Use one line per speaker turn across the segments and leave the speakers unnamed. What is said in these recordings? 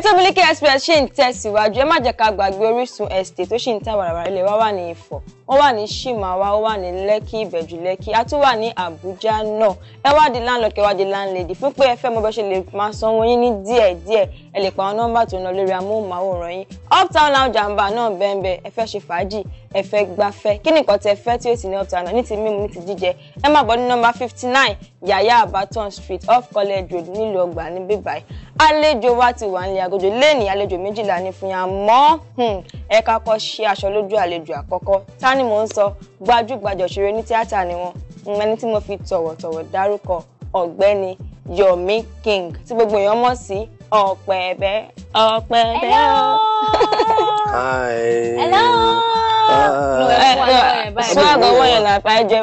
ètò Miliki Express ṣì ń tẹ̀síwájú ẹ má jẹ́ ká gbàgbé Orísun estate tó ṣì ń ta wàràwàrà ilẹ̀ wa wà ní Ifọ̀ wọ́n wà ní Shimawa wọ́n wà ní Lẹ́kì Ìbẹ̀jú Lẹ́kì a tún wà ní Àbújá náà ẹ wá di landlord kẹ wá di landlady fún pé ẹ fẹ́ mọ bẹ́ẹ̀ ṣe lè máa sanwó yín ní díẹ̀ díẹ̀ ẹ lè pa àwọn nọ́mbà tó ń lọ lórí amóhùnmáwòrán yín uptown lounge àǹbà náà bẹ́ẹ̀ ẹ fẹ́ ṣe fàájì ẹ fẹ́ gbafẹ́ kí nìkan tẹ fẹ́ tí ó sì ní uptown náà ní ti mímu ní ti jíjẹ ẹ má bọ́ ní nọ́mbà fifty nine yàyà abaton street off college road nílùú ọgbà ní bíbáyìí àlejò wa ti wà nílé agogo lẹ́ni àlejò méjìlá ní fún yàn mọ́ hmm, ẹ kakọ́ ṣe aṣọ lójú àlejò àkọ́kọ́ ta ni mò ń sọ gbajúgbajà òṣèré ní tíátà ni wọn ẹni tí mo fi tọ̀wọ̀tọ̀wọ̀ dárúkọ ọ̀gbẹ́ni Yomi King tí gbogbo èèyàn mọ̀ sí ọ̀pẹ̀ẹ̀bẹ̀ ọ̀pẹ̀ẹ̀bẹ̀ o. hello. hello. swag ọwọ́ yẹn làpá ẹ jẹ́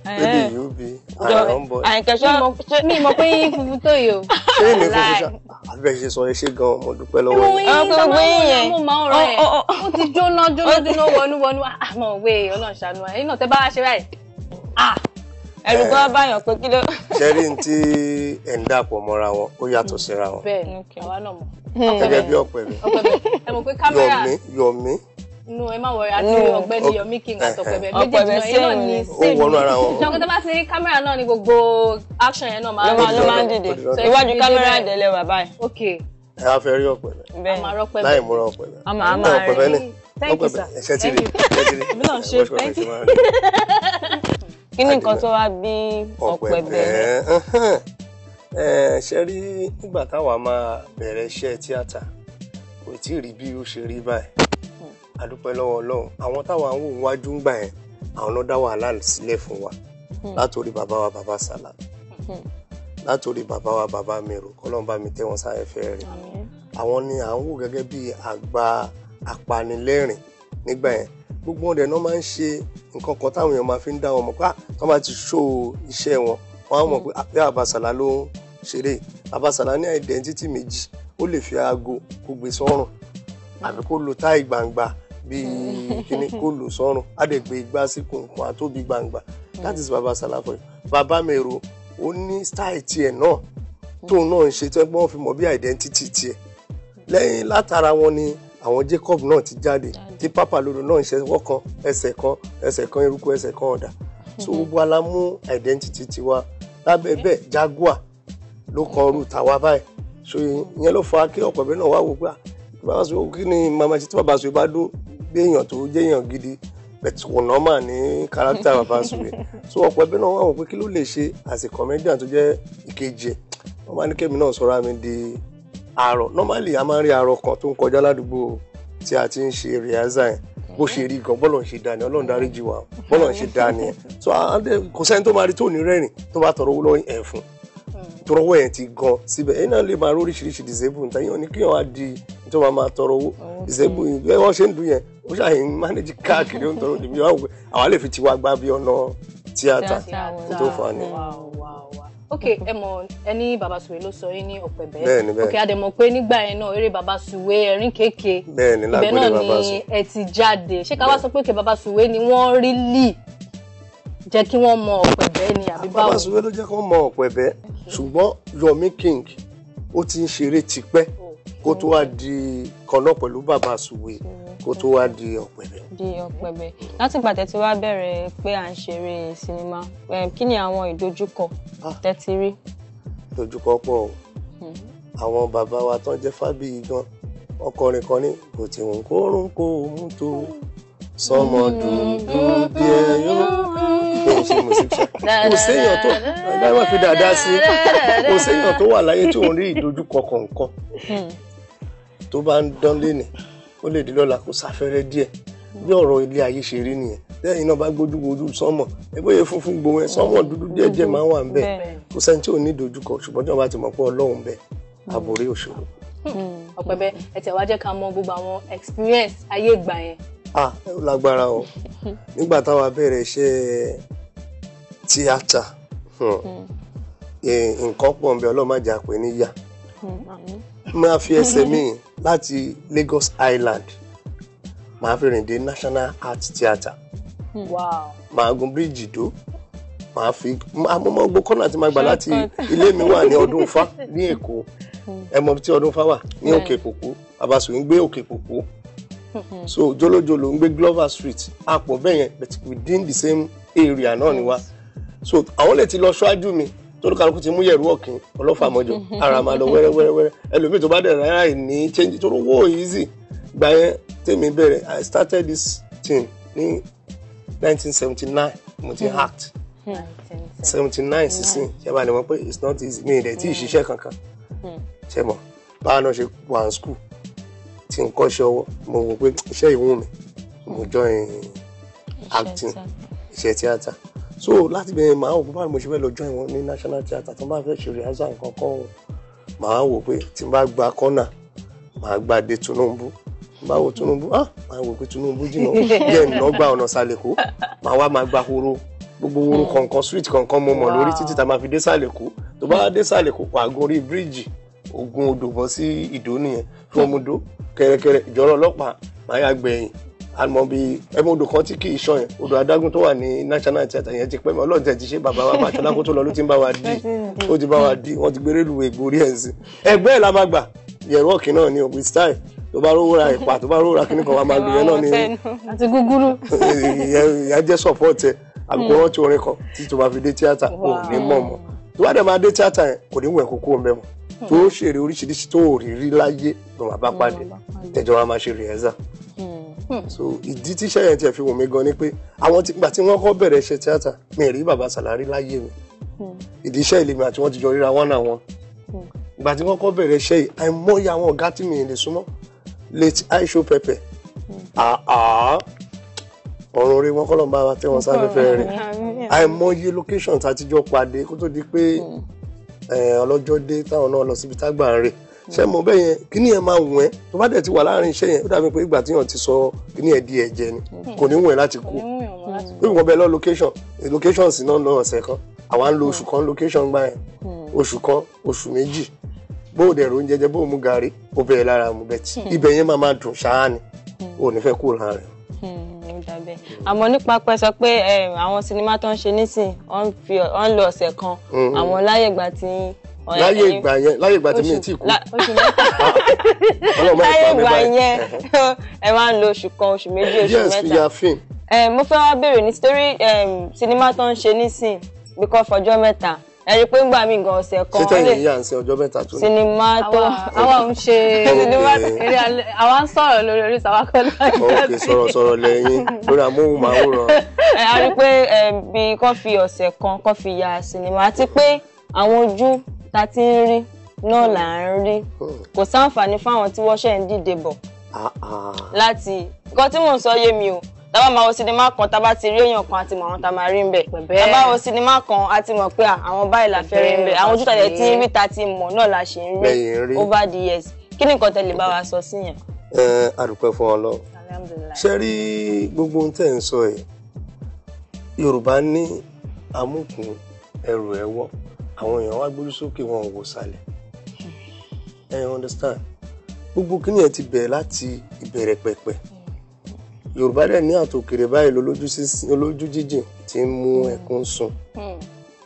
ebi
obi ara ń bọ ẹ.
àìkẹ́sọ́ mi mọ̀ pé yín funfun tó yìí o. ṣé èmi funfun ṣá
àbí ah, ẹ ṣe sọ ẹ ṣe gan mo dúpẹ́ lọ́wọ́ yín.
ọkọ gbé yẹn oh, oh, oh. ó ti jóná jóná jóná wọnúwọnú àmọ́ ah, òwe Ọlọ́run ṣàánú ẹ iná tẹ bá ṣe báyìí ah. ẹrù eh. gan báyàn pé kí ló.
ṣẹ́rí ní tí ẹ̀ ń dàpọ̀ mọ́ra wọn ó yàtọ̀ síra wọn.
bẹ́ẹ̀ ni kí àwa náà mọ̀. gẹ́gẹ́ bí ọ̀pẹ̀ mi yọ̀mí yọ̀mí nu ẹ má wọrí àti ọ̀gbẹ́ni Yomi King àtọpẹbẹ méjèèjì náà yẹn náà ní sèmi
náà
kótó bá ti rí kámẹ́rà náà ní gbogbo action yẹn náà máa ló máa ń dìde iwájú kámẹ́rà ìdẹlẹ
wà báyìí. ok ẹ
á fẹ́ rí ọ̀pẹ̀lẹ̀ láì múra ọ̀pẹ̀lẹ̀ a máa máa rí thank you sir thank you èmi náà ṣe thank you.
kí ni nǹkan tó wá bí
ọ̀pẹ̀bẹ̀ ṣe rí nígbà táwa máa bẹ̀rẹ̀ iṣẹ́ tíátà kò tí ì rí bí ó ṣe rí báyìí adúpẹ́ lọ́wọ́ ọlọ́run àwọn táwa ń wò wájú ń gbà yẹn àwọn náà dá wàhálà sílẹ̀ fún wa hmm. látòrí bàbá wa bàbá sàlá hmm. látòrí bàbá wa bàbá mi rò kọ́lọ́n bá mi tẹ́ wọn sáyẹn fẹ́ rẹ̀ àwọn ni à ń wò gẹ́gẹ́ bí àgbà apanilẹ́rìn nígbà yẹn gbogbo ọ̀dẹ̀ náà máa ń ṣe nǹkan kan táwọn èèyàn máa fi ń dá wọn mọ̀ pé ah, wọ́n bá ti ṣó iṣẹ́ wọn wọ́n á mọ̀ pé ah, àbẹ́ àbàṣàlá ló ń ṣeré àbàṣàlá ní àìdẹ́ntítì méjì ó lè fi aago kó gbé sọ́rùn àbí kó lo táì gbangba bíi kíní kó lò sọ́run á dẹ̀ gbé igbá sí kùnkùn àtóbi gbangba mm. that is baba salafo baba mero ó ní style tiẹ̀ náà tóun náà ń ṣe tí wọ́n fi mọ̀ bí identity tiẹ̀ lẹ́yìn látara wọn ni àwọn Jacob náà ti jáde tí pápá lòdò náà ń ṣe wọ́kan ẹsẹ̀ kan ẹsẹ̀ kan eruku ẹsẹ̀ kan ọ̀dà so gbogbo ala mú identity tiwa lábẹ́ bẹ́ẹ̀ Jaguar ló kan ọrù tàwa báyìí so ìyẹn ló fa kí ọ̀pọ̀ ẹ̀bẹ̀ náà wá wò pé ah, bàbá sọ kí ni màmá ṣe tí bàbá sọ bá dún bí èèyàn tó jẹ́yàn gidi bẹ̀tù kò nọ́mà ní kárátà bàbá Sùwé so ọ̀pọ̀ ẹbí náà wà wọ́n pé kí ló lè ṣe as a comedian tó jẹ́ ìkejì ẹ̀ wọ́n máa ní kémi náà sọ̀rọ̀ àmì di àárọ̀ normally a máa ń rí àárọ̀ kan tó ń kọjá ládùúgbò tí a ti ń ṣe rìhásà bó ṣe rí gan bọ́lọ̀ ń ṣe dání ọlọ́run dárí jì bọ́lọ̀ ń ṣe dání ẹ̀ so kò sẹ́ni tó máa rí tó ní rẹ́rìn tó bá tọrọ owó lọ́yìn ẹ̀ fún tọrọwọ́ yẹn ti gan síbẹ̀ ẹ̀yin náà lè máa rí oríṣiríṣi disable níta yẹn ò ní kí wọn á di tí wọn máa tọrọ owó disable yìí bí wọn ṣe ń dùn yẹn ó ṣàyìn manage káàkiri ó ń tọrọ òdìbí wọn àwa lè fi tiwa gbá bí ọ̀nà tíátà tó fà á ni.
ok ẹ mọ ẹni babasuwe ló sọ yín ní ọpẹbẹ ok adẹmọ pé nígbà yẹn náà eré babasuwe ẹrin kéèké ibẹ̀ náà ni ẹ ti jáde ṣé ká wá sọ pé òkè babasuwe ni wọn rí lì jẹ kí wọn mọ ọpẹ ẹ̀bẹ̀ ni àbí báwo. Bàbá Sùwé
ló jẹ́ kó mọ ọ̀pọ̀ ẹ̀bẹ̀ ṣùgbọ́n Yomi King ó ti ń ṣeré tipẹ́ kó tó wá di kanáà pẹ̀lú bàbá Sùwé kó tó wá di ọ̀pẹ̀bẹ̀.
di ọ̀pẹ̀bẹ̀ láti ìgbà tẹ́ ti wá bẹ̀rẹ̀ pé à ń ṣeré sinimá eh, kí ni àwọn ìdojúkọ ah. tẹ́ ti rí.
ìdojúkọ pọ̀ o hmm. àwọn bàbá wa tán jẹ́ fábíyì gan ọkọrin kan ní kò tí wọn kó rún kó mú tó sọmọ hmm. dùndún bí ẹyọ kò ò ṣe mo ṣe ṣe kò séèyàn tó dáwọ́ fi dáadáa sí kò séèyàn tó wà láyé tí òun rí ìdojúkọ kọ̀ọ̀kan hmm. tó bá ń dán léni ó lè di lọ́la kó sáfẹ́rẹ́ díẹ̀ bí ọ̀rọ̀ ilé ayé ṣe rí nìyẹn lẹ́yìn náà bá gbójú gbojú sọ́mọ̀ ẹgbẹ́yẹ funfun gbòó ẹ sọ́mọ̀ dúdú hmm. díẹ̀díẹ̀ máa ń wà ń bẹ̀ kò sẹ́ni tí ò ní ìdojúkọ ṣùgbọ́n tí wọ́n bá ti mọ̀ pé Ọlọ́run ń bẹ àbòrí hmm. òṣòro.
ọ̀pẹ̀bẹ ẹ wá jẹ́ ká mọ gbogbo àwọn experience ayé ìgbà yẹn.
ah lágbára o nígbà táwa bẹ̀rẹ̀ iṣẹ́ tíátà hmm. Hmm. nǹkan pọ̀ nbẹ ọlọ́run má níyà hmm, máa fi ẹsẹ̀ mi láti Lagos Island máa fi rìn dé National Art Theatre máa gun bíríìjì dó fi àmọ́mọ́ kọ́nà àti máa láti ilé mi wà ní ọdún fa ní èkó ẹmọ tí ọdún fa wà so jolojolo ń Glover Street àpọ̀ bẹ́ẹ̀ within the same area náà so àwọn lè ti lọ ṣáájú mi torí kálukú ti mú yẹ̀rú ọ̀kìn ọlọ́fà mọ́jọ ara máa lọ wẹ́rẹ́ wẹ́rẹ́ wẹ́rẹ́ ẹlòmíì tó bá dẹ̀ rárá ì change torí owó easy gbà yẹn tèmi bẹ̀rẹ̀ i started this thing ní 1979 mo ti act 79 sísìn ṣẹ́bà ni wọ́n pé it's not easy mi ì dẹ̀ tí ì ṣiṣẹ́ kankan ṣẹ́bọ̀ báwa náà ṣe wà ní school tí n kọ́ ṣe ọwọ́ mo wò pé iṣẹ́ ìwọ̀n mi mo join acting iṣẹ́ tíátà so láti bẹ̀rẹ̀ màá wò báwo mo ṣe fẹ́ lọ join wọn ní national theatre tí wọ́n bá fẹ́ ṣe rìhásà nǹkan kan o màá wò pé tí n bá gba kọ́nà màá gba dé Tinubu bá wo Tinubu ah màá wò pé Tinubu jìnnà yẹ ǹnà gba ọ̀nà sàlẹ̀kó màá wá máa gba horo gbogbo horo mm. kọ̀ọ̀kan street kọ̀ọ̀kan mo mọ̀ lórí títí tá a máa fi dé sàlẹ̀kó tó bá dé sàlẹ̀kó pàgọ́ orí bíríìjì Ògùn odò bọ́ sí Ìdó nìyẹn fún ọmọdó kẹrẹkẹrẹ ìjọ́rọ̀ ọlọ́pàá máa yà àmọ́ bíi ẹmọ odò kan tí kì í yẹn odò adágún tó wà ní national theatre yẹn ti pẹ́ mi ọlọ́run tẹ̀ ti ṣe bàbá wa bàtọ́lá kó tó lọ ló ti ń bá wa di ó ti bá wa di wọ́n ti gbéré lu ègbò ẹ̀ sí ẹgbẹ́ ẹ̀ la máa gbà yẹ̀rọ ọ̀kì náà ni with style tó bá rówó ra ìpà tó bá rówó ra kíní kan wa máa lu yẹn náà ni
àti gúgúrú ìyá
jẹ́ support ẹ àbíkó rántí orin kan tí tó bá fi dé tíátà kò ní mọ̀ mọ́ tó bá dẹ̀ máa dé tíátà yẹn kò ní wẹ̀ kókó mbẹ́ mọ́ hmm. tó ṣèrè oríṣiríṣi tó rí rí láyé lọ́wọ́ bá hmm. tẹ̀jọ́ wa máa ṣe rìhẹ́sà so ìdí tíṣẹ́ yẹn tiẹ̀ fi wù mí gan ni pé àwọn ìgbà tí wọ́n kọ́ bẹ̀rẹ̀ iṣẹ́ tíátà mi rí bàbá Sàlárí láyé mi hmm. ìdí iṣẹ́ ìlèmi àti wọ́n ti jọ ríra wọ́n náà wọn hmm. ìgbà tí wọ́n kọ́ bẹ̀rẹ̀ iṣẹ́ yìí àìmọye àwọn ọ̀gá tí mi lè súnmọ́ late aisho pepper hmm. àá ọ̀run orí wọn kọ́lọ́ ń bá wa tẹ́ wọn sáfẹ́fẹ́ rẹ̀ àìmọye location tá a ti jọ pàdé kó tó di pé eh, ọlọ́jọ́ dé táwọn náà lọ síbi tágbà ń rè ṣé mo bẹ́ẹ̀ yẹn kíní yẹn máa wọ̀n ẹ́ tó bá dẹ̀ ti wà láàrin iṣẹ́ yẹn ó dàbí pé ìgbà tí yàn ti sọ kíní yẹn di ẹ̀jẹ̀ ni kò ní wọ̀n ẹ́ láti kú bí wọ́n bẹ lọ location location sì náà lọ ọ̀sẹ̀ kan àwa ń lo oṣù kan location gbá yẹn hmm. oṣù kan oṣù méjì bó o dẹ̀rọ oúnjẹ jẹ bó o mú gàrí ó bẹ̀rẹ̀ lára mu bẹ́ẹ̀ tí hmm. ibẹ̀ yẹn máa máa dùn ṣáá ni hmm. ò ní fẹ́ kúrò lára rẹ̀
dàbẹ
àmọ́ nípa pẹ sọ pé eh, àwọn sinimá tó ń ṣe nísìn ọ ń ọ̀sẹ̀ kan àwọn láyè ìgbà tí láyé ìgbà
yẹn láyé ìgbà tí mi ti kú ah, láyé ìgbà yẹn
ẹ máa ń lo oṣù kan oṣù méjì oṣù mẹ́ta yes ìyá fíìm. mo fẹ́ wá béèrè nítorí sinimá tó ń ṣe nísìn bíkọ́ fọjọ́ mẹ́ta ẹ rí i pé ń gbà mí gan ọ̀sẹ̀ kan. ṣé tẹ̀yìn yà
ń ṣe ọjọ́ mẹ́ta tó sinimá
tó àwa ń ṣe sinimá eré alẹ́ àwa ń sọ̀rọ̀ lórí orí sàwákọ́lá. ok sọ̀rọ̀
sọ̀rọ̀ lẹ́yìn lórí amóhùnmáwòrán.
a rí i pé bí kò fi ọ̀sẹ̀ kan kò fi ya sinimá àti pé àwọn ojú ta ti ń rí náà hmm. là ń rí hmm. kò sáǹfààní fáwọn tí wọ́n ṣẹ̀ ń dìde bọ̀ ah, ah. láti nǹkan tí mò ń sọ yé mi o tábà máa wo sinimá kan tábà ti rí èèyàn kan àti mọ àwọn tá a máa rí ń bẹ tábà wo sinimá kan àti mọ pé àwọn báyìí la fẹ́ rí ń bẹ àwọn ojú tàdé tí rí ta ti mọ̀ náà la ṣe ń rí over the years kí ni nǹkan tẹ̀lé bá wa sọ sí yẹn.
ẹ àdùpẹ́ fún ọ lọ ṣe rí gbogbo ohun tẹ̀ ń sọ yìí yorùbá ní amúkùn ẹrù ẹ̀wọ̀ àwọn èèyàn wá gbórí sókè wọn ò wò sálẹ̀ ẹ understand gbogbo kíni ẹ ti bẹ̀rẹ̀ láti ìbẹ̀rẹ̀ pẹ̀pẹ̀ yorùbá dẹ̀ ní àtòkèrè báyìí lójú jíjìn ti ń mú ẹkún sun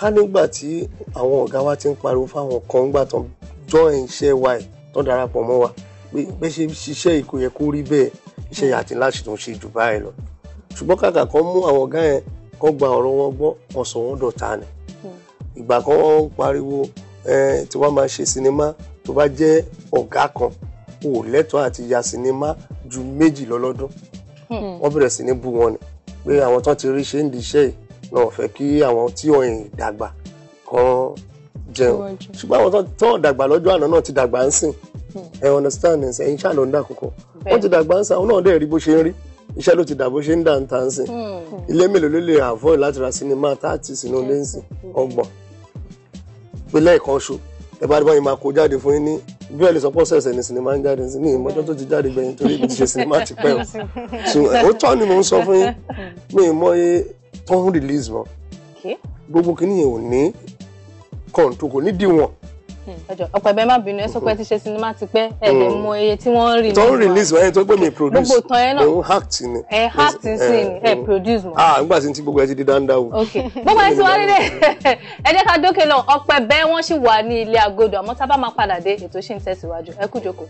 ká nígbà tí àwọn ọ̀gá wa ti ń pariwo fáwọn kan ńgbà tán jọ iṣẹ́ wa ẹ̀ tán darapọ̀ mọ́ wa pé bẹ́ ṣe ṣiṣẹ́ yìí kò yẹ kó rí bẹ́ẹ̀ iṣẹ́ yàtí láti tó ń ṣe jù báyìí lọ ṣùgbọ́n kàkà kan mú àwọn ọ̀gá yẹn kan gba ọ̀rọ̀ wọn gbọ́ wọn wọn dọ̀tá ni ìgbà kan wọ́n ń pariwo tí wọ́n máa ṣe sinimá tó bá jẹ́ ọ̀gá kan ò lẹ́tọ̀ọ́ àti ya sinimá ju méjì lọ lọ́dún hmm. wọ́n bẹ̀rẹ̀ sí ní bú wọn ni pé àwọn tán ti rí ṣe ń di iṣẹ́ yìí náà fẹ́ kí àwọn tí ọ̀yìn dàgbà kan jẹun ṣùgbọ́n àwọn tán dàgbà lọ́jọ́ àná náà ti dàgbà ń sìn hmm. ẹ understand ẹ ẹyin ṣáà ń dà kókó wọ́n ti dàgbà ń sìn àwọn náà dẹ̀ rí bó ṣe ń rí iṣẹ́ ló ti dà bó ṣe ń dà ń ta ń sìn hmm. ilé mélòó ló lè avoid láti ra sinimá táàtì sínú lẹ́sìn ọgbọ̀n pé lẹ́ẹ̀kan ṣo ẹ bá dìbọn yìí máa kó jáde fún yín ní bí ẹ lè sọ pọ́ sẹ̀sẹ̀ ní sinimá ń jáde ní ìmọ̀jọ́ tó ti jáde gbẹ̀yìn torí ibi ṣe sinimá ti pẹ́
o ó tọ́ ni mò ń sọ fún yín
mi ì mọye tọ́hún release mọ́ gbogbo kìnìyàn ò ní kọ̀ǹtò kò ní díwọ̀n
ẹjọ ọ̀pọ̀ ẹ̀bẹ̀ má bínú ẹ sọ pé ti ṣe sinimá ti pẹ́ ẹ lè mm. mọ iye tí wọ́n ń rìn. tó ń release
wáyé tó pé mi produce gbogbo tán ẹ náà òun act ni. ẹ
act sí ni ẹ mm. produce mọ.
ah nígbà tí n ti gbogbo ẹ ti di dáńdá o. ok
gbogbo ẹ ti wá nílé ẹ jẹ́ ká dókè lọ ọ̀pọ̀ ẹ̀bẹ̀ wọ́n sì wà ní ilé agodo àmọ́ tá a bá máa padà dé ètò ṣì ń tẹ̀síwájú ẹ kú jókòó.